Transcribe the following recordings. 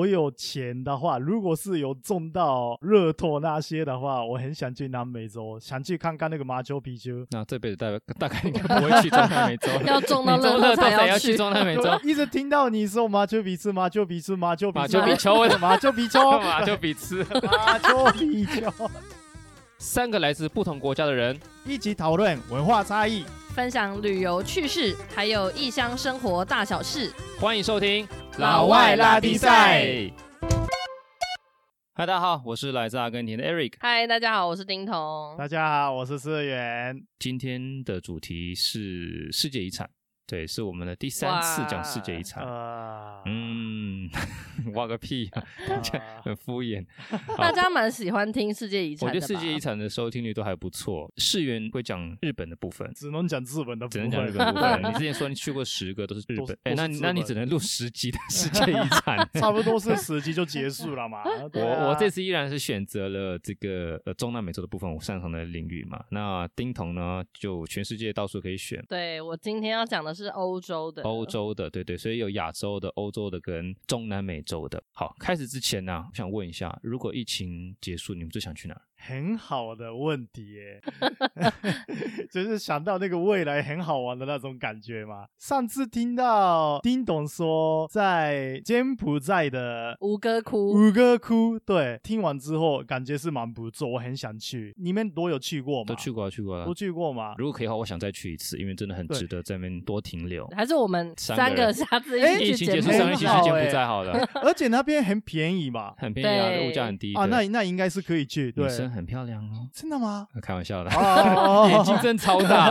.我有錢的話，如果是有中到樂透那些的話，我很想去南美洲，想去看看那個馬丘比丘。那、啊、這輩子大概大概應該不會去中南美洲。 要中樂透 才要去， 要去中南美洲。一直聽到你說馬丘比丘馬丘比丘馬丘馬丘比丘，為什麼馬丘比丘？馬丘比丘馬丘比丘。三個來自不同國家的人一起討論文化差異。分享旅遊趣事，還有異鄉生活大小事。歡迎收聽《老外喇迪賽》。嗨，大家好，我是來自阿根廷的 Eric。嗨，大家好，我是丁彤。大家好，我是思源。今天的主題是世界遺產。對，是我們的第三次講世界遺產。哇呃、嗯，挖個屁、啊，呃、很敷衍。大家蠻喜歡聽世界遺產的吧？我覺得世界遺產的收聽率都還不錯。市原會講日本的部分，只能講日本的部分。只能講日本的部分。對你之前說你去過十個都是日本，是日本那，那你只能錄十集的世界遺產，差不多是十集就結束了嘛？啊、我我這次依然是選擇了這個中南美洲的部分，我擅長的領域嘛。那丁彤呢，就全世界到處可以選。對，我今天要講的是。是歐洲的，歐洲的，對對，所以有亞洲的、歐洲的跟中南美洲的。好，開始之前呢、啊，我想問一下，如果疫情結束，你們最想去哪兒？很好的問題，哎，就是想到那個未來很好玩的那種感覺嘛。上次聽到丁董說在柬埔寨的吳哥窟，吳哥窟，對，聽完之後感覺是蠻不錯，我很想去。你們都有去過嗎？都去過，去過，都去過嘛。如果可以的話，我想再去一次，因為真的很值得在那邊多停留。還是我們三個，三個下次一起去、欸、一去柬埔寨好了，好欸、 而且那邊很便宜嘛，很便宜啊，物價很低對 啊，那那那應該是可以去，對。很漂亮哦，真的嗎？開玩笑的，眼睛真超大，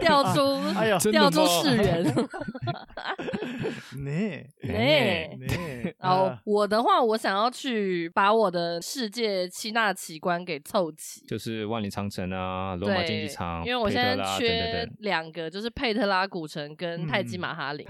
掉出，哎呀，掉出世元，哎哎哎！然後我的話，我想要去把我的世界七大奇觀給湊齊，就是萬里長城啊，羅馬競技場，因為我現在缺兩個，就是佩特拉古城跟泰姬馬哈陵。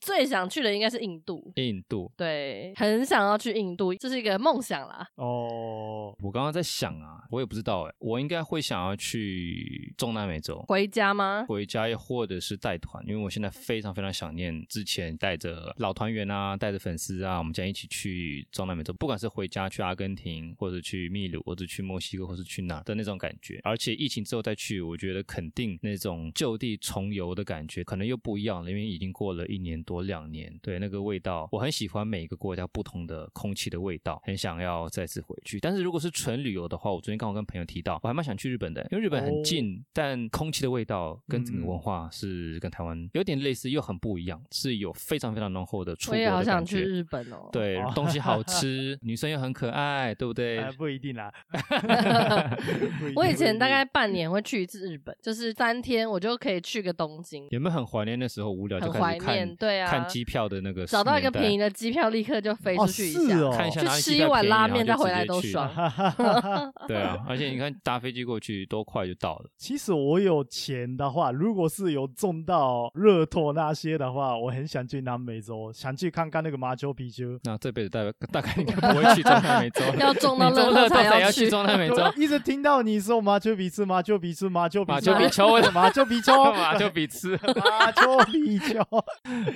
最想去的應該是印度，印度，對，很想要去印度，這是一個夢想啦。哦。哦，我剛剛在想啊，我也不知道哎，我應該會想要去中南美洲，回家嗎？回家，又或者是帶團，因為我現在非常非常想念之前帶着老團員啊，帶着粉絲啊，我們將一起去中南美洲，不管是回家去阿根廷，或者去秘魯，或者去墨西哥，或者去哪的那種感覺。而且疫情之後再去，我覺得肯定那種舊地重遊的感覺可能又不一樣了，因為已經過了一年多兩年，對，那個味道，我很喜歡每一個國家不同的空氣的味道，很想要再次回去，但。但是如果是純旅遊的話，我昨天剛好跟朋友提到，我還蠻想去日本的，因為日本很近，但空氣的味道跟整個文化是跟台灣有點類似又很不一樣，是有非常非常濃厚的出國的感覺。我也好想去日本哦，對，東西好吃，女生又很可愛，對不對？不一定啦。我以前大概半年會去一次日本，就是三天我就可以去個東京。有沒有很懷念那時候？無聊，很懷念，對啊，看機票的那個，找到一個便宜的機票立刻就飛出去一下，看一下去吃一碗拉麵再回來都爽。對啊，而且你看搭飛機過去多快就到了。其實我有錢的話，如果是有中到樂透那些的話，我很想去南美洲，想去看看那個馬丘比丘。那這輩子大概大概應該不會去中南美洲。要中到樂透才要去中南美洲。一直聽到你說馬丘比丘，馬丘比丘，馬丘比丘，馬丘比丘，馬丘比丘，馬丘比丘，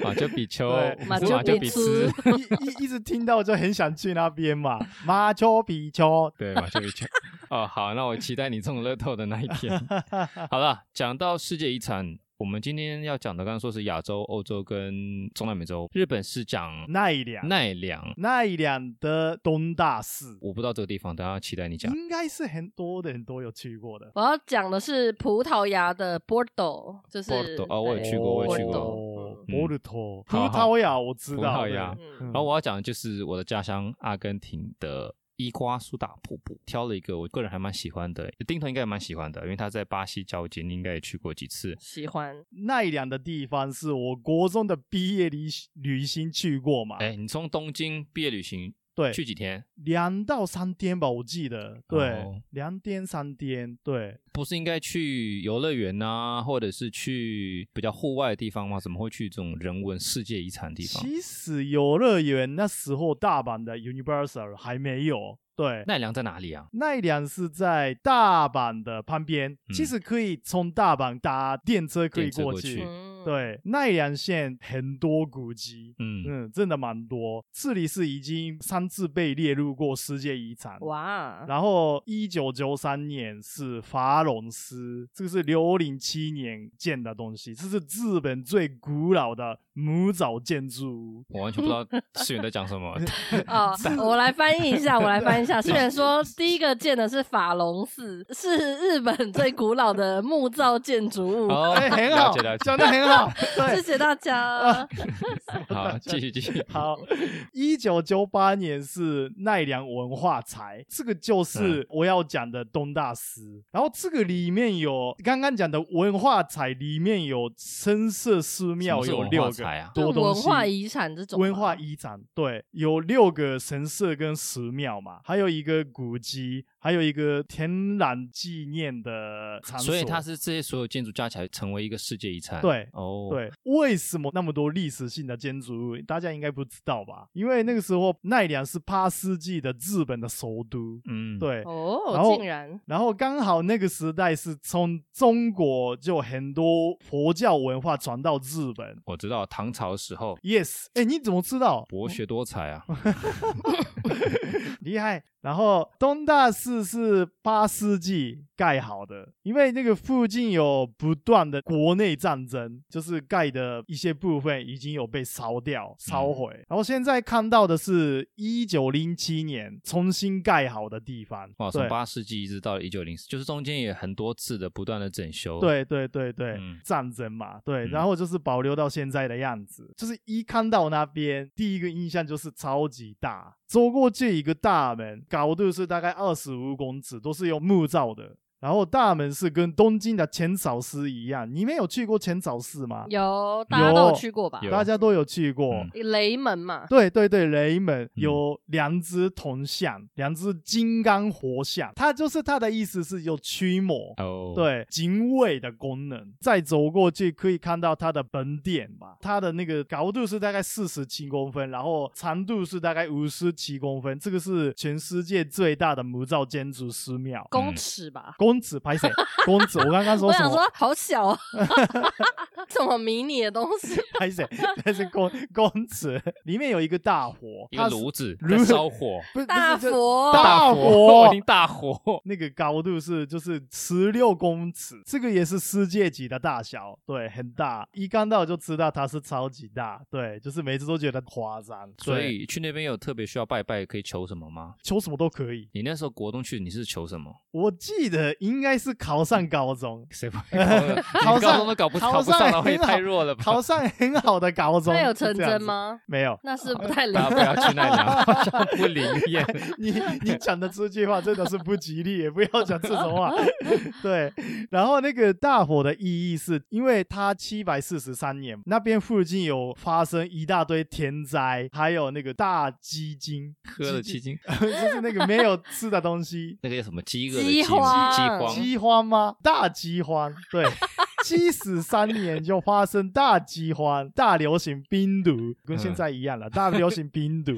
馬丘比丘，馬丘比丘，一一直聽到就很想去那邊嘛，馬丘比。 對，就一 哦。好，那我期待你中樂透的那一天。 好了，講到世界遺產，我們今天要講的，剛剛說是亞洲、歐洲跟中南美洲。日本是講奈良，奈良奈良的東大寺。我不知道這個地方，等下期待你講。應該是很多的很多有去過的。我要講的是葡萄牙的波多，就是哦，哦，我也去過，對我也去過波多。葡萄牙，我知道。然後我要講的就是我的家鄉阿根廷的。伊瓜蘇大瀑布，挑了一個我個人還蠻喜歡的，丁彤應該也蠻喜歡的，因為他在巴西交界，你應該也去過幾次。喜歡奈良的地方是，我國中的畢業旅旅行去過嘛？哎，你從東京畢業旅行。對，去幾天？兩到三天吧，我記得。對，哦、兩天三天。對，不是應該去遊樂園啊，或者是去比較戶外的地方嗎？怎麼會去這種人文世界遺產的地方？其實遊樂園那時候大阪的 Universal 還沒有。對，奈良在哪裡啊？奈良是在大阪的旁邊，嗯、其實可以從大阪搭電車可以過去。對奈良縣很多古蹟，嗯嗯，真的蠻多。這裡是已經三次被列入過世界遺產。哇！然後一九九三年是法隆寺，這個是六零七年建的東西，這是日本最古老的木造建築物。我完全不知道市原在講什麼。 哦， 我來翻譯一下，我來翻譯一下。市原 說 第一個建的是法隆寺，是日本最古老的木造建築物。哦、 欸，很好，講得很好。好， 哦、 謝謝大家、啊 啊。好，繼續繼續。續好，一九九八年是奈良文化財，這個就是我要講的東大寺。嗯、然後這個裡面有剛剛講的文化財，裡面有神社寺廟，啊、有六個多文化遺產這種文化遺產。對，有六個神社跟寺廟嘛，還有一個古蹟。還有一個天然紀念的場所，所以它是這些所有建築加起來成為一個世界遺產。對，哦，對，為什麼那麼多歷史性的建築物，大家應該不知道吧？因為那個時候奈良是八世紀的日本的首都，嗯，對，哦，然後，然，然後剛好那個時代是從中國就很多佛教文化傳到日本。我知道唐朝時候，yes，哎，你怎麼知道？博學多才啊， 厲害。然後東大寺。這是八世紀蓋好的，因為那個附近有不斷的國內戰爭，就是蓋的一些部分已經有被燒掉、燒毀，嗯、然後現在看到的是一九零七年重新蓋好的地方。哇，對從八世紀一直到一九零四，就是中間也很多次的不斷的整修。對對對對，嗯、戰爭嘛，對，嗯、然後就是保留到現在的樣子。就是一看到那邊，第一個印象就是超級大。走過這一個大門，高度是大概25公尺，都是用木造的。然後大門是跟東京的淺草寺一樣，你們有去過淺草寺嗎？有，大家都有去過吧？大家都有去過有、嗯、雷門嘛？對對對，雷門有兩隻銅像，嗯、兩隻金剛佛像，它就是它的意思是有驅魔哦，oh. 對，警衛的功能。再走過去可以看到它的本殿吧？它的那個高度是大概四十七公分，然後長度是大概五十七公分，這個是全世界最大的木造建築寺廟，嗯、公尺吧？公公尺拍攝，公尺，我剛剛說什麼？我想說好小啊，這麼迷你的東西。拍攝，但是公公尺，裡面有一個大佛。一個爐子爐燒火，不是大火。大佛。大佛。那個高度是就是十六公尺，這個也是世界級的大小，對，很大。一剛到就知道它是超級大，對，就是每次都覺得誇張。所以去那邊有特別需要拜拜可以求什麼嗎？求什麼都可以。你那時候國中去你是求什麼？我記得。應該是考上高中，誰不會考？考上高中都搞不上了， 考上會太弱了吧？考上很好的高中，沒 有成真嗎？沒有，那是不，是不太靈。不要、 啊、去那講、啊， 不靈驗 你你講的這句話真的是不吉利，不要講這種話。 對，然後那個大佛的意義是，因為它七百四十三年，那邊附近有發生一大堆天災，還有那個大饑饉。喝了雞精。就是那個沒有吃的東西，那個有什麼飢餓的飢。黃 饑荒嗎？大饑荒，對，七十三年就發生大饑荒，大流行病毒跟現在一樣了，大流行病毒，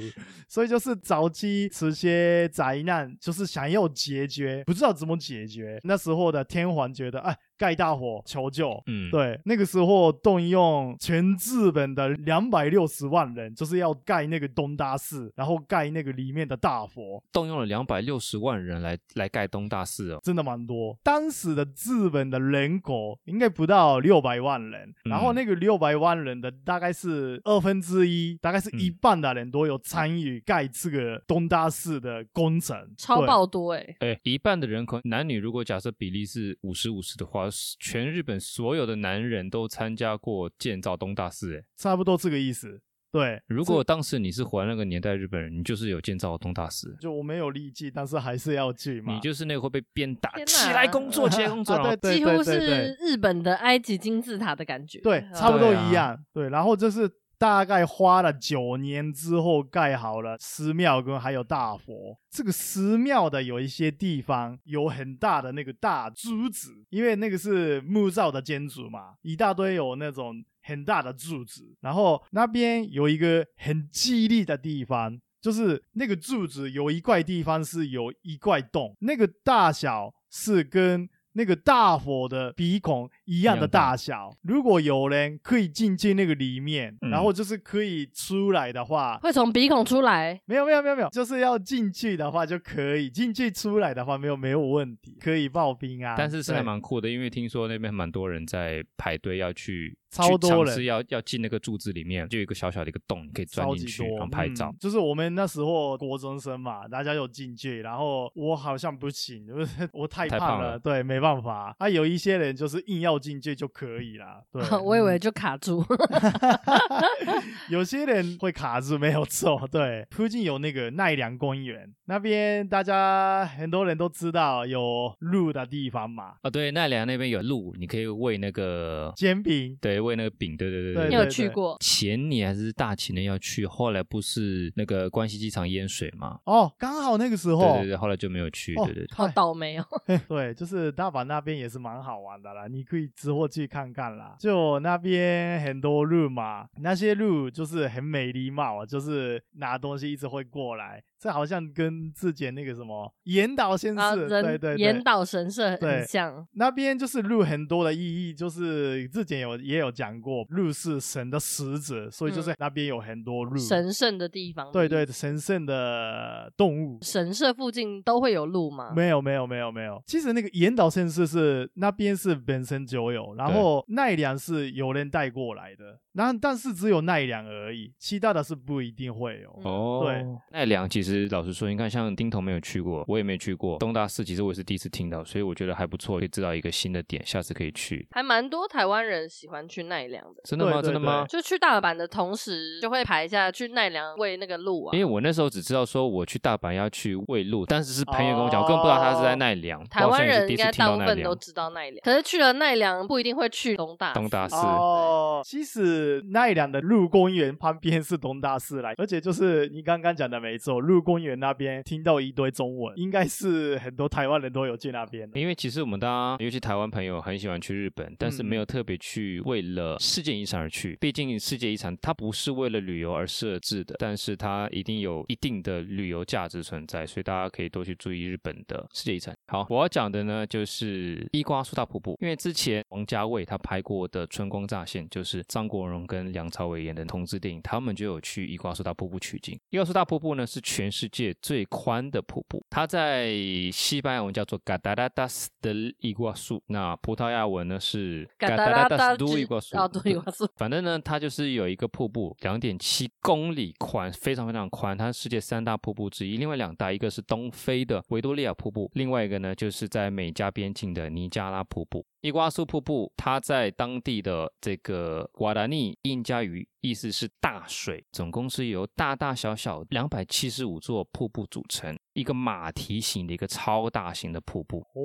所以就是早期這些災難，就是想要解決，不知道怎麼解決。那時候的天皇覺得，哎。蓋大佛求救，嗯，對，那個時候動用全日本的兩百六十萬人，就是要蓋那個東大寺，然後蓋那個裡面的大佛，動用了兩百六十萬人來來蓋東大寺哦，真的蠻多。當時的日本的人口應該不到六百萬人，然後那個六百萬人的大概是二分之一，2, 大概是一半的人都有參與蓋這個東大寺的工程，超爆多哎，哎對，一半的人口，男女如果假設比例是五十五十的話。全日本所有的男人都參加過建造東大寺，欸，哎，差不多這個意思。對，如果當時你是活那個年代日本人，你就是有建造東大寺。就我沒有力氣，但是還是要去嘛。你就是那個會被鞭打，啊，起來工作，起，啊，來工作，幾乎是日本的埃及金字塔的感覺。對，嗯，差不多一樣。對，啊，對，然後這，就是。大概花了九年之後蓋好了寺廟跟還有大佛。這個寺廟的有一些地方有很大的那個大柱子，因為那個是木造的建築嘛，一大堆有那種很大的柱子。然後那邊有一個很吉利的地方，就是那個柱子有一塊地方是有一塊洞，那個大小是跟。那個大佛的鼻孔一樣的大小，如果有人可以進去那個裡面，嗯、然後就是可以出來的話，會從鼻孔出來？沒有沒有沒有沒有，就是要進去的話就可以進去，出來的話沒有沒有問題，可以刨冰啊。但是是還蠻酷的，對因為聽說那邊蠻多人在排隊要去。超多人要要進那個柱子裡面，就有一個小小的一個洞你可以鑽進去，然後拍照，嗯。就是我們那時候國中生嘛，大家有進去，然後我好像不行，我太，了太胖了，對，沒辦法。啊，有一些人就是硬要進去就可以了，對，哦。我以為就卡住，嗯， 有些人會卡住沒有錯，對。附近有那個奈良公園，那邊大家很多人都知道有鹿的地方嘛。啊，哦，對，奈良那邊有鹿，你可以餵那個煎餅餅，對。餵那個餅，對對對對，對，你有去過？前年還是大前年要去，後來不是那個關西機場淹水嗎？哦，剛好那個時候，對對，對，後來就沒有去，哦、對,對對，對。好倒霉哦。對，就是大阪那邊也是蠻好玩的啦，你可以之後去看看啦。就那邊很多鹿嘛，那些鹿就是很沒禮貌、啊，就是拿東西一直會過來，這好像跟之前那個什麼嚴島先生，啊、對,對對，嚴島神社很像。那邊就是鹿很多的意義，就是之前有也有。也有講過鹿是神的使者，所以就是那邊有很多鹿，嗯、神聖的地方。對對，神聖的動物，神社附近都會有鹿嗎？沒有沒有沒有沒有。其實那個嚴島神社是那邊是本身就有，然後奈良是有人帶過來的。但但是只有奈良而已，其他的是不一定會有、嗯、對哦。對，奈良其實老實說，你看像丁彤沒有去過，我也沒去過東大寺，其實我也是第一次聽到，所以我覺得還不錯，可以知道一個新的點，下次可以去。還蠻多台灣人喜歡去奈良的。真的嗎？對對對，真的嗎？就去大阪的同時就會排下去奈良餵那個鹿啊，因為我那時候只知道說我去大阪要去餵鹿，但是是朋友跟我講，哦、我更不知道他是在奈良。台灣人奈良應該大部分都知道奈良，可是去了奈良不一定會去東大寺東大寺哦，其實。奈良的鹿公園旁邊是東大寺來，而且就是你剛剛講的沒錯，鹿公園那邊聽到一堆中文，應該是很多台灣人都有去那邊。因為其實我們大家，尤其台灣朋友，很喜歡去日本，但是沒有特別去為了世界遺產而去。嗯、畢竟世界遺產它不是為了旅遊而設置的，但是它一定有一定的旅遊價值存在，所以大家可以多去注意日本的世界遺產。好，我要講的呢就是伊瓜蘇大瀑布，因為之前王家衛他拍過的《春光乍現》，就是張國榮跟梁朝偉演的同志電影，他們就有去伊瓜蘇大瀑布取景。伊瓜蘇大瀑布呢是全世界最寬的瀑布，它在西班牙文叫做嘎達達達斯的伊瓜蘇，那葡萄牙文呢是嘎達達達斯都伊瓜蘇。反正呢它就是有一個瀑布，兩點七公里寬，非常非常寬，它是世界三大瀑布之一，另外兩大一個是東非的維多利亞瀑布，另外一個。呢，就是在美加邊境的尼加拉瀑布。伊瓜蘇瀑布，它在當地的這個瓜拉尼印加語意思是“大水”，總共是由大大小小兩百七十五座瀑布組成一個馬蹄形的一個超大型的瀑布。哦，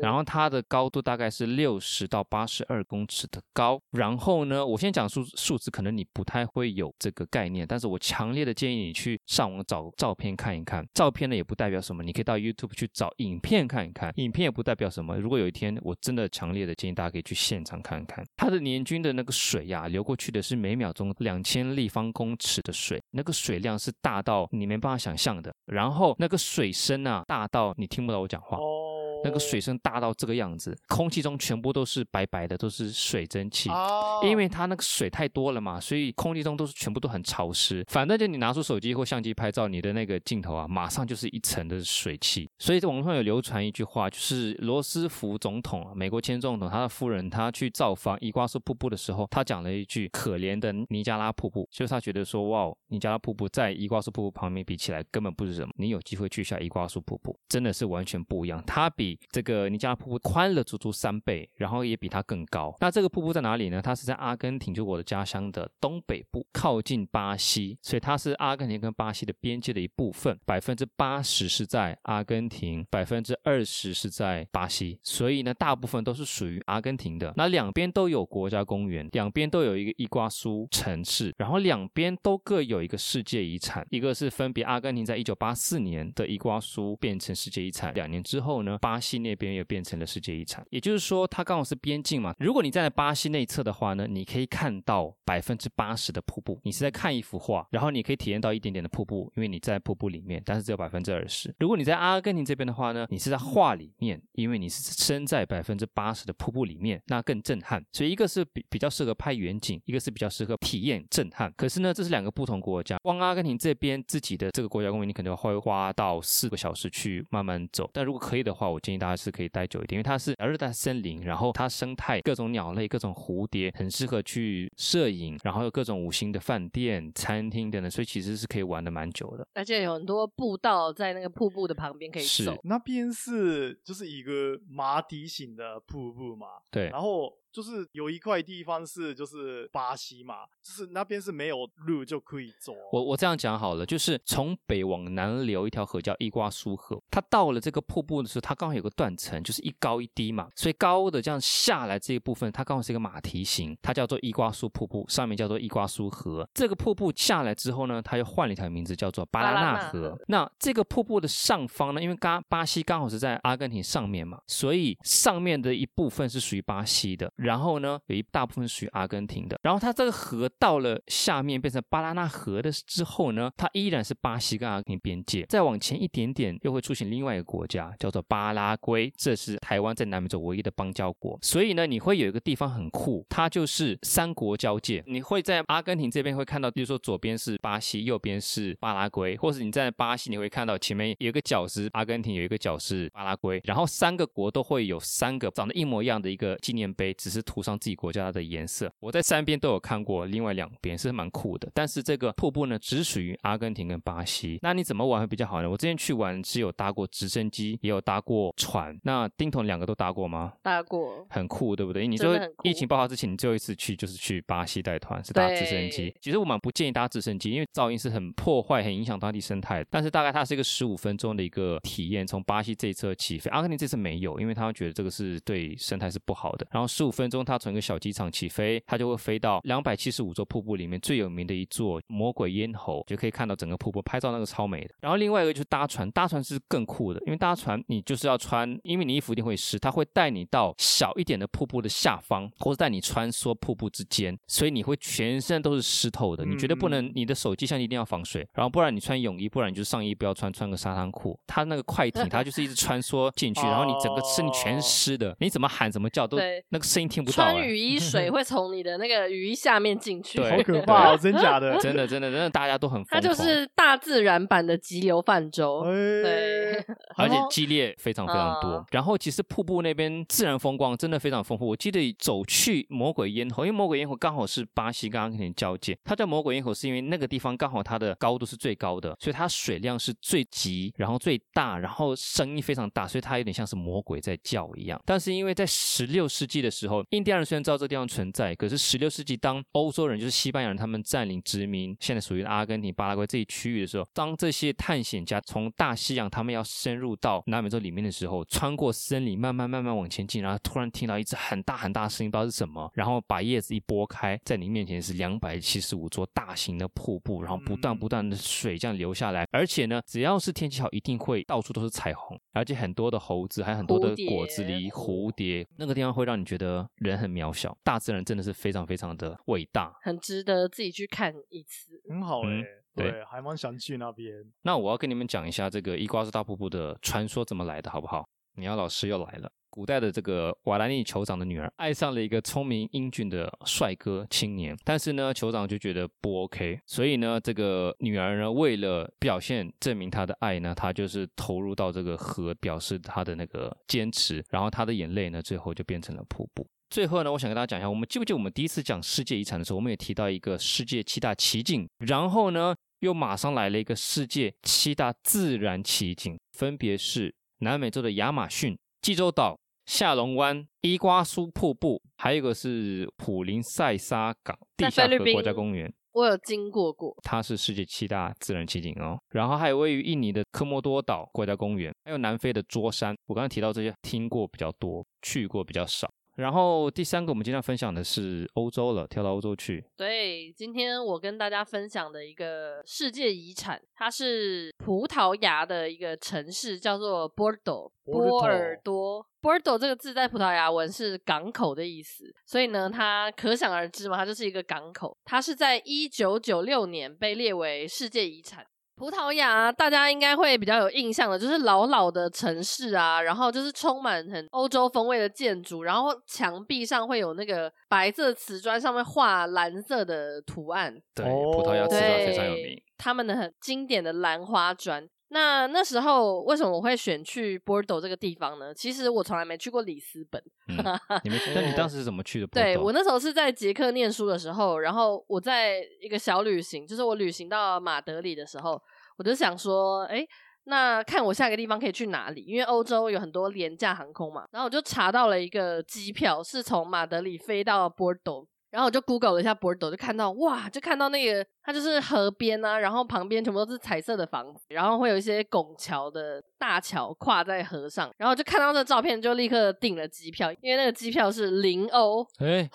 然後它的高度大概是六十到八十二公尺的高。然後呢，我先講數數字，可能你不太會有這個概念，但是我強烈的建議你去上網找照片看一看。照片呢也不代表什麼，你可以到 YouTube 去找影片看一看。影片也不代表什麼。如果有一天我真的強。烈的建議，大家可以去現場看看，它的年均的那個水呀、啊，流過去的是每秒鐘兩千立方公尺的水，那個水量是大到你沒辦法想象的，然後那個水聲啊，大到你聽不到我講話。哦那個水聲大到這個樣子，空氣中全部都是白白的，都是水蒸氣，oh. 因為它那個水太多了嘛，所以空氣中都是全部都很潮濕。反正就你拿出手機或相機拍照，你的那個鏡頭啊，馬上就是一層的水汽。所以在網上有流傳一句話，就是羅斯福總統啊，美國前總統，他的夫人他去造訪伊瓜蘇瀑布的時候，他講了一句：“可憐的尼加拉瀑布”，所以他覺得說，哇，尼加拉瀑布在伊瓜蘇瀑布旁邊比起來根本不是什麼。你有機會去一下伊瓜蘇瀑布，真的是完全不一樣，它比。這個尼加拉瀑布寬了足足三倍，然後也比它更高。那這個瀑布在哪裡呢？它是在阿根廷，就我的家鄉的東北部，靠近巴西，所以它是阿根廷跟巴西的邊界的一部分。百分之八十是在阿根廷，百分之二十是在巴西，所以呢，大部分都是屬於阿根廷的。那兩邊都有國家公園，兩邊都有一個伊瓜蘇城市，然後兩邊都各有一個世界遺產，一個是分別阿根廷在一九八四年的伊瓜蘇變成世界遺產，兩年之後呢，巴西西那邊也變成了世界遺產，也就是說它剛好是邊境嘛。如果你站在巴西那一側的話呢，你可以看到百分之八十的瀑布，你是在看一幅畫，然後你可以體驗到一點點的瀑布，因為你在瀑布裡面，但是只有百分之二十。如果你在阿根廷這邊的話呢，你是在畫裡面，因為你是身在百分之八十的瀑布裡面，那更震撼。所以一個是比比較適合拍遠景，一個是比較適合體驗震撼。可是呢，這是兩個不同國家。往阿根廷這邊自己的這個國家公園，你可能會花到四個小時去慢慢走。但如果可以的話，我建議。大家是可以待久一點，因為它是熱帶森林，然後它生態各種鳥類、各種蝴蝶，很適合去攝影，然後有各種五星的飯店、餐廳等等，所以其實是可以玩的蠻久的。而且有很多步道在那個瀑布的旁邊可以走，那邊是就是一個馬蹄形的瀑布嘛。對，然後。就是有一塊地方是就是巴西嘛，就是那邊是沒有路就可以走哦。我我這樣講好了，就是從北往南流一條河叫伊瓜蘇河，它到了這個瀑布的時候，它剛好有個斷層，就是一高一低嘛，所以高的這樣下來這一部分，它剛好是一個馬蹄形，它叫做伊瓜蘇瀑布，上面叫做伊瓜蘇河。這個瀑布下來之後呢，它又換了一條名字叫做巴拉那河。納那這個瀑布的上方呢，因為剛巴西剛好是在阿根廷上面嘛，所以上面的一部分是屬於巴西的。然後呢，有一大部分屬於阿根廷的。然後它這個河到了下面變成巴拉那河的之後呢，它依然是巴西跟阿根廷邊界。再往前一點點，又會出現另外一個國家，叫做巴拉圭。這是台灣在南美洲唯一的邦交國。所以呢，你會有一個地方很酷，它就是三國交界。你會在阿根廷這邊會看到，比如說左邊是巴西，右邊是巴拉圭，或者你在巴西你會看到前面有一個角是阿根廷，有一個角是巴拉圭，然後三個國都會有三個長得一模一樣的一個紀念碑，只是。是塗上自己國家的顏色。我在三邊都有看過，另外兩邊是蠻酷的。但是這個瀑布呢，只屬於阿根廷跟巴西。那你怎麼玩會比較好呢？我之前去玩是有搭過直升機，也有搭過船。那丁彤兩個都搭過嗎？搭過，很酷，對不對？你說疫情爆發之前，你最後一次去就是去巴西帶團是搭直升機。其實我蠻不建議搭直升機，因為噪音是很破壞、很影響當地生態。但是大概它是一個十五分鐘的一個體驗，從巴西這一側起飛，阿根廷這次沒有，因為他們覺得這個是對生態是不好的。然後十五分。分鐘，它從一個小機場起飛，它就會飛到兩百七十五座瀑布裡面最有名的一座——魔鬼咽喉，就可以看到整個瀑布，拍照那個超美的。然後另外一個就是搭船，搭船是更酷的，因為搭船你就是要穿，因為你衣服一定會濕，他會帶你到小一點的瀑布的下方，或者帶你穿梭瀑布之間，所以你會全身都是濕透的。你絕對不能，你的手機相機一定要防水，然後不然你穿泳衣，不然你就上衣不要穿，穿個沙灘褲。它那個快艇，它就是一直穿梭進去，然後你整個身體全濕的，你怎麼喊怎麼叫都那個聲音。聽不到啊，穿雨衣，水會從你的那個雨衣下面進去， 對好可怕，啊！ 真假的， 真的，真的，真的，大家都很瘋。它就是大自然版的急流泛舟， 對，而且激烈非常非常多。哦，然後其實瀑布那邊自然風光真的非常豐富。我記得走去魔鬼咽喉，因為魔鬼咽喉剛好是巴西跟阿根廷交界。它叫魔鬼咽喉，是因為那個地方剛好它的高度是最高的，所以它水量是最急，然後最大，然後聲音非常大，所以它有點像是魔鬼在叫一樣。但是因為在十六世紀的時候，印第安人雖然知道這個地方存在，可是十六世紀當歐洲人，就是西班牙人，他們佔領殖民現在屬於阿根廷、巴拉圭這一區域的時候，當這些探險家從大西洋，他們要深入到南美洲裡面的時候，穿過森林，慢慢慢慢往前進，然後突然聽到一隻很大很大的聲音，不知道是什麼，然後把葉子一撥開，在你面前是兩百七十五座大型的瀑布，然後不斷不斷的水這樣流下來，嗯，而且呢，只要是天氣好，一定會到處都是彩虹，而且很多的猴子，還有很多的果子狸、蝴蝶，蝴蝶，那個地方會讓你覺得。人很渺小，大自然真的是非常非常的偉大，很值得自己去看一次，很好哎，嗯、對，對，還蠻想去那邊。那我要跟你們講一下這個伊瓜蘇大瀑布的傳說怎麼來的，好不好？苗老師又來了。古代的這個瓦拉尼酋長的女兒愛上了一個聰明英俊的帥哥青年，但是呢，酋長就覺得不 OK，所以呢，這個女兒呢，為了表現證明她的愛呢，她就是投入到這個河，表示她的那個堅持，然後她的眼淚呢，最後就變成了瀑布。最後呢，我想跟大家講一下，我們記不記得我們第一次講世界遺產的時候，我們也提到一個世界七大奇景，然後呢，又馬上來了一個世界七大自然奇景，分別是南美洲的亞馬遜、濟州島、下龍灣、伊瓜蘇瀑布，還有一個是普林塞薩港地下河國家公園，在菲律賓，我有經過過，它是世界七大自然奇景哦。然後還有位於印尼的科莫多島國家公園，還有南非的桌山。我剛才提到這些，聽過比較多，去過比較少。然後第三個，我們今天要分享的是歐洲了，跳到歐洲去。對，今天我跟大家分享的一個世界遺產，它是葡萄牙的一個城市，叫做波爾多、波爾多、波爾多。波爾多。波爾多這個字在葡萄牙文是港口的意思，所以呢，它可想而知嘛，它就是一個港口。它是在一九九六年被列為世界遺產。葡萄牙，大家應該會比較有印象的，就是老老的城市啊，然後就是充滿很歐洲風味的建築，然後牆壁上會有那個白色瓷磚上面畫藍色的圖案。對，葡萄牙瓷磚非常有名，他們的很經典的藍花磚。那那時候為什麼我會選去波多這個地方呢？其實我從來沒去過里斯本。嗯，你沒去過？那 你當時是怎麼去的？對我那時候是在捷克念書的時候，然後我在一個小旅行，就是我旅行到馬德里的時候，我就想說，哎，那看我下一個地方可以去哪裡？因為歐洲有很多廉價航空嘛，然後我就查到了一個機票，是從馬德里飛到波多。然後我就 Google 了一下波多，就看到哇，就看到那個它就是河邊啊，然後旁邊全部都是彩色的房子，然後會有一些拱橋的大橋跨在河上，然後就看到這個照片，就立刻訂了機票，因為那個機票是零歐，哎、欸，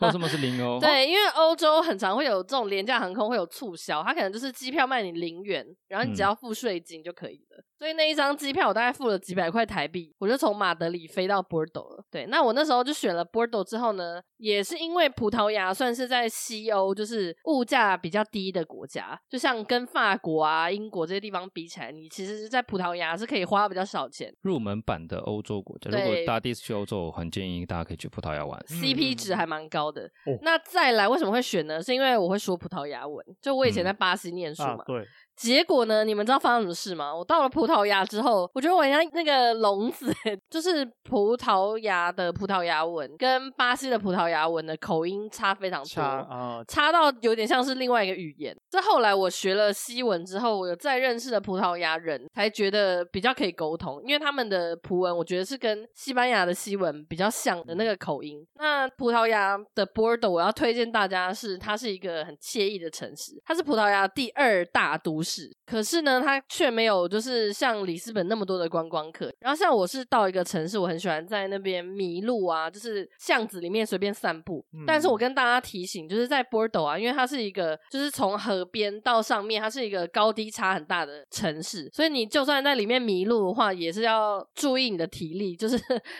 為 什麼是零歐？對，因為歐洲很常會有這種廉價航空會有促銷，它可能就是機票賣你零元，然後你只要付稅金就可以了。嗯所以那一張機票我大概付了幾百塊台幣，我就從馬德裡飛到波爾多了。對，那我那時候就選了波爾多之後呢，也是因為葡萄牙算是在西歐，就是物價比較低的國家，就像跟法國啊、英國這些地方比起來，你其實，在葡萄牙是可以花比較少錢。入門版的歐洲國家，對如果大家第一次去歐洲，對我很建議大家可以去葡萄牙玩，CP 值還蠻高的。哦、那再來為什麼會選呢？是因為我會說葡萄牙文，就我以前在巴西念書嘛。嗯啊、對。結果呢？你們知道發生什麼事嗎？我到了葡萄牙之後，我覺得我好像那個聾子，就是葡萄牙的葡萄牙文跟巴西的葡萄牙文的口音差非常多，差到有點像是另外一個語言。這後來我學了西文之後，我有再認識了葡萄牙人才覺得比較可以溝通，因為他們的葡文我覺得是跟西班牙的西文比較像的那個口音。那葡萄牙的波爾多，我要推薦大家是，它是一個很愜意的城市，它是葡萄牙第二大都市。是，可是呢，它卻沒有就是像里斯本那麼多的觀光客。然後像我是到一個城市，我很喜歡在那邊迷路啊，就是巷子裡面隨便散步。但是我跟大家提醒，就是在波多啊，因為它是一個就是從河邊到上面，它是一個高低差很大的城市，所以你就算在裡面迷路的話，也是要注意你的體力，就是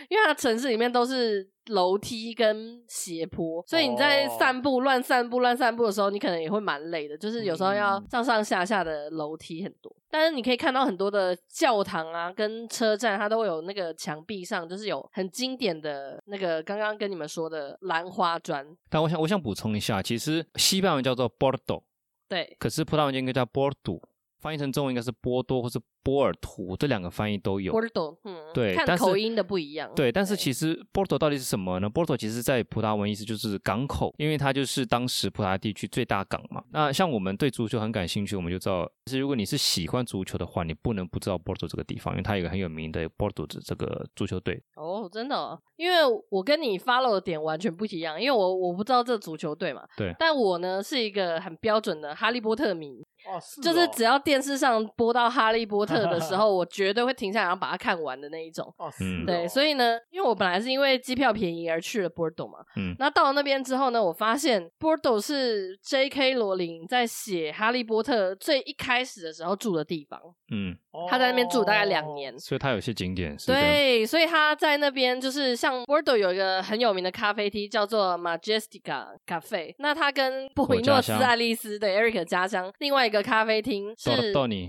因為它城市裡面都是。樓梯跟斜坡，所以你在散步、Oh. 亂散步、亂散步的時候，你可能也會蠻累的。就是有時候要上上下下的樓梯很多，但是你可以看到很多的教堂啊，跟車站，它都會有那個牆壁上，就是有很經典的那個剛剛跟你們說的藍花磚。但我想，我想補充一下，其實西班牙文叫做 Porto，對，可是葡萄牙文應該叫 Porto，翻譯成中文應該是波多，或是。波爾圖這兩個翻譯都有。波爾圖，嗯，對，看是口音的不一樣。對，但是其實波爾圖到底是什麼呢？波爾圖其實在葡萄牙文意思就是港口，因為它就是當時葡萄牙地區最大港嘛。那像我們對足球很感興趣，我們就知道，其實如果你是喜歡足球的話，你不能不知道波爾圖這個地方，因為它有一個很有名的波爾圖這個足球隊。哦，真的、哦，因為我跟你 follow 的點完全不一樣，因為我我不知道這足球隊嘛。對，但我呢是一個很標準的哈利波特迷，哦，是哦、就是只要電視上播到哈利波特。嗯 的時候，我絕對會停下來，然後把它看完的那一種。哦，對，所以呢，因為我本來是因為機票便宜而去了波多嘛。嗯。那到了那邊之後呢，我發現波多是 J.K. 羅琳在寫《哈利波特》最一開始的時候住的地方。嗯。他在那邊住大概兩年，哦，所以他有些景點。是對，所以他在那邊就是像波多有一個很有名的咖啡廳叫做 Majestica 咖啡。那他跟布宜諾斯艾利斯的 Eric 家鄉另外一個咖啡廳是。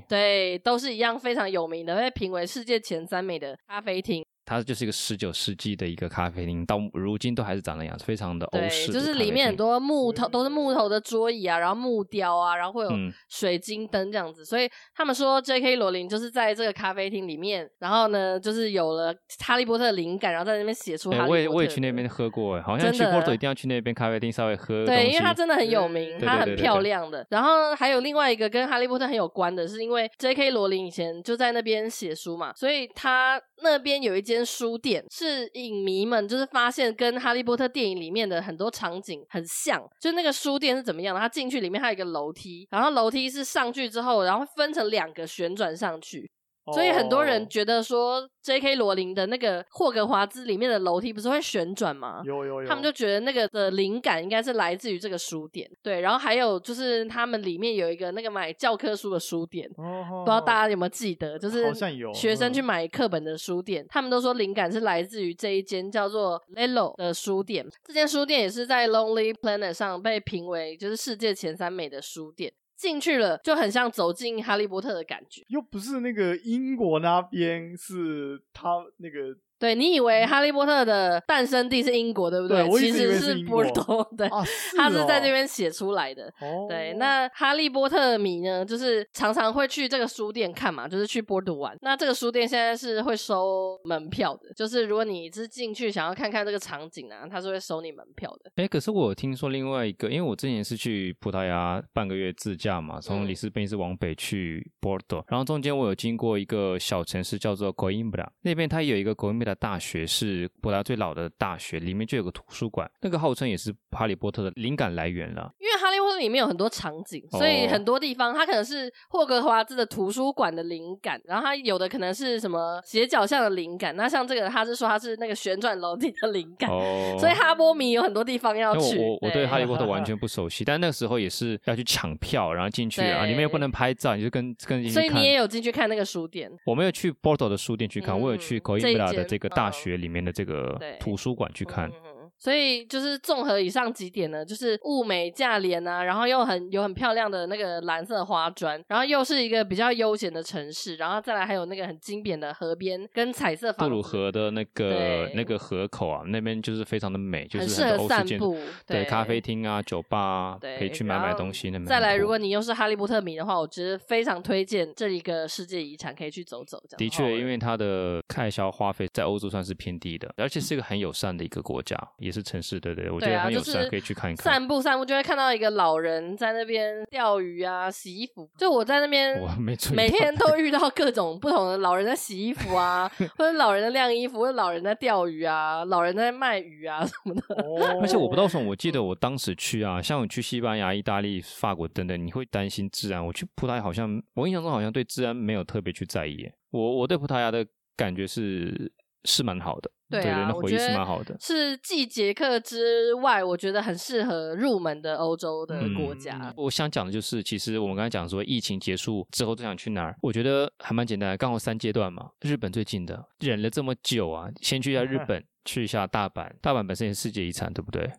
對，都是一樣的。非常有名的，被評為世界前三美的咖啡廳。它就是一個十九世紀的一個咖啡廳，到如今都還是長那樣子，非常的歐式的。就是裡面很多木頭，對都是木頭的桌椅啊，然後木雕啊，然後會有水晶燈這樣子。嗯、所以他們說，J.K. 羅琳就是在這個咖啡廳裡面，然後呢，就是有了《哈利波特》靈感，然後在那邊寫出《哈利波特》欸。我也我也去那邊喝過，好像去波多一定要去那邊咖啡廳稍微喝。對，因為它真的很有名，它很漂亮的。然後還有另外一個跟《哈利波特》很有關的，是因為 J.K. 羅琳以前就在那邊寫書嘛，所以它那邊有一間。書店是影迷們就是發現跟《哈利波特》電影裡面的很多場景很像，就那個書店是怎麼樣的？它進去裡面還有一個樓梯，然後樓梯是上去之後，然後分成兩個旋轉上去。所以很多人覺得說，J.K. 羅琳的那個霍格華茲裡面的樓梯不是會旋轉嗎？有有有，他們就覺得那個的靈感應該是來自於這個書店。對，然後還有就是他們裡面有一個那個買教科書的書店，哦，不知道大家有沒有記得？就是學生去買課本的書店，他們都說靈感是來自於這一間叫做 Lello 的書店。這間書店也是在 Lonely Planet 上被評為就是世界前三美的書店。進去了就很像走進《哈利波特》的感覺，又不是那個英國那邊，是他那個。對，你以為《哈利波特》的誕生地是英國，對不對？對，其實是波爾多，對，啊是哦、 他是在那邊寫出來的。哦、對，那哈利波特的迷呢，就是常常會去這個書店看嘛，就是去波爾多玩。那這個書店現在是會收門票的，就是如果你是進去想要看看這個場景啊，他是會收你門票的。哎、欸，可是我有聽說另外一個，因為我之前是去葡萄牙半個月自駕嘛，從里斯本是往北去波爾多，嗯、然後中間我有經過一個小城市叫做科英布拉，那邊他有一個科英布拉。的大學是博大最老的大學，裡面就有個圖書館，那個號稱也是《哈利波特》的靈感來源了。因為哈利。裡面有很多場景，所以很多地方它可能是霍格華茲的圖書館的靈感，然後它有的可能是什麼斜角巷的靈感。那像這個，他是說他是那個旋轉樓梯的靈感，哦、所以哈波迷有很多地方要去。我我對哈利波特完全不熟悉，對但那個時候也是要去搶票，然後進去啊，對裡面又不能拍照，你就跟跟進去看。所以你也有進去看那個書店？我沒有去波多的書店去看，嗯、我有去科英布拉的這個大學裡面的這個圖書館去看。所以就是綜合以上幾點呢，就是物美價廉啊，然後又很有很漂亮的那個藍色花磚，然後又是一個比較悠閒的城市，然後再來還有那個很經典的河邊跟彩色房布魯河的那個對那個河口啊，那邊就是非常的美，就是很，很適合歐散步，對、對咖啡廳啊、酒吧可、啊、以對去買買東西。那邊再來，如果你又是哈利波特迷的話，我覺得非常推薦這一個世界遺產可以去走走。的確，玩因為它的開銷花費在歐洲算是偏低的，而且是一個很友善的一個國家。也是城市，對對，對啊、我覺得很有意思，就是、可以去看一看。散步散步就會看到一個老人在那邊釣魚啊，洗衣服。就我在那邊，我每天都遇到各種不同的老人在洗衣服啊， 或者老人在晾衣服，或者老人在釣魚啊，老人在賣魚啊什麼的。哦、而且我不知道說，我記得我當時去啊，像我去西班牙、意大利、法國等等，你會擔心治安。我去葡萄牙，好像我印象中好像對治安沒有特別去在意。我我對葡萄牙的感覺是。是蠻好的，對人、啊、的回憶是蠻好的。是季節課之外，我覺得很適合入門的歐洲的國家。嗯、我想講的就是，其實我們剛才講說，疫情結束之後最想去哪兒？我覺得還蠻簡單，剛好三階段嘛。日本最近的，忍了這麼久啊，先去一下日本，嗯、去一下大阪，大阪本身也是世界遺產，對不對？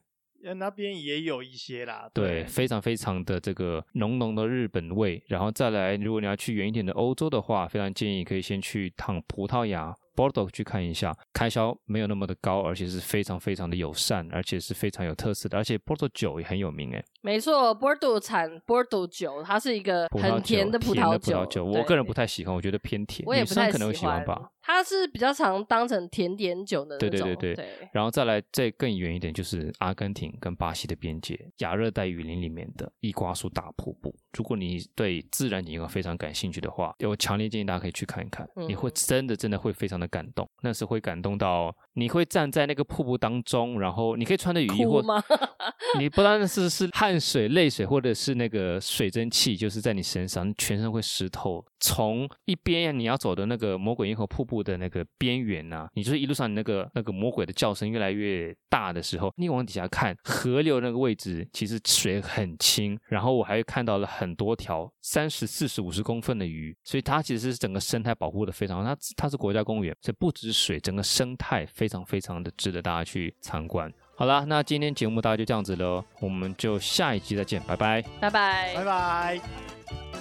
嗯、那邊也有一些啦，對，對，非常非常的這個濃濃的日本味。然後再來，如果你要去遠一點的歐洲的話，非常建議可以先去趟葡萄牙。波多去看一下，開銷沒有那麼的高，而且是非常非常的友善，而且是非常有特色的，而且波多酒也很有名哎、欸。沒錯，波多產波多酒，它是一個很甜的葡萄酒。萄酒對我個人不太喜歡，我覺得偏甜。我也不太，女生可能會喜歡吧。它是比較常當成甜點酒的。對對對對。對然後再來再更遠一點，就是阿根廷跟巴西的邊界亞熱帶雨林裡面的伊瓜蘇大瀑布。如果你對自然景觀非常感興趣的話，我強烈建議大家可以去看一看，你會真的真的會非常的感動，那時會感動到。你會站在那個瀑布當中，然後你可以穿着雨衣，嗎或你不單單是是汗水、淚水，或者是那個水蒸氣，就是在你身上，你全身會濕透。從一邊你要走的那個魔鬼咽喉瀑布的那個邊緣啊，你就是一路上那個那個魔鬼的叫聲越來越大的時候，你往底下看，河流那個位置其實水很清，然後我還會看到了很多條三十四十五十公分的魚，所以它其實是整個生態保護的非常好，它它是國家公園，所以不只是水，整個生態非。非常非常的值得大家去參觀。好啦，那今天節目大概就這樣子了，我們就下一集再見，拜拜，拜拜 bye，拜拜。